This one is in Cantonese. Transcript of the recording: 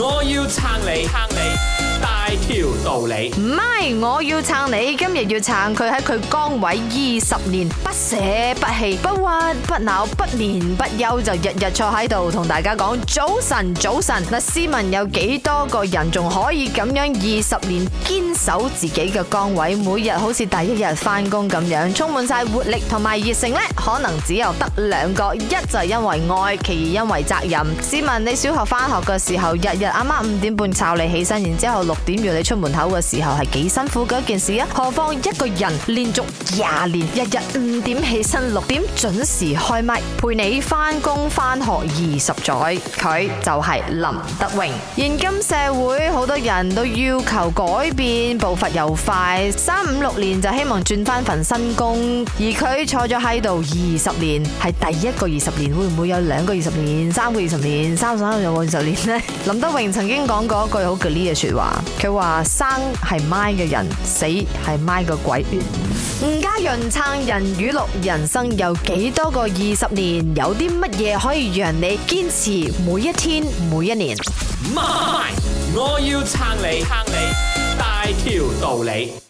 我要撐你，撐你大條道理。唔係，我要撐你。今日要撐佢喺佢崗位二十年，不捨不棄，不屈不撓，不眠不休，就日日坐喺度同大家講早晨，早晨。嗱，試問有幾多個人仲可以咁樣二十年堅守自己嘅崗位，每日好似第一日返工咁樣，充滿曬活力同埋熱誠呢？可能只有得兩個，一就係因為愛，其二因為責任。試問，你小學返學嘅時候，日日阿媽五點半吵你起身，然之後六點要你出門口嘅時候係幾辛苦嘅一件事啊！何況一個人連續廿年日日五點起身六點準時開麥陪你翻工翻學二十載，佢就係林德榮。現今社會好多人都要求改變步伐又快，三五六年就希望轉翻份新工，而佢坐咗喺度二十年，係第一個二十年，會唔會有兩個二十年、三個二十年、三十三個又二十年呢？林德榮。曾經講過一句好犀利嘅說話，他說，佢話，生係咪嘅人，死係咪嘅鬼。吳家潤撐人語錄，語錄人生有幾多個二十年？有啲乜嘢可以讓你堅持每一天、每一年？我我要撐你，撐你大條道理。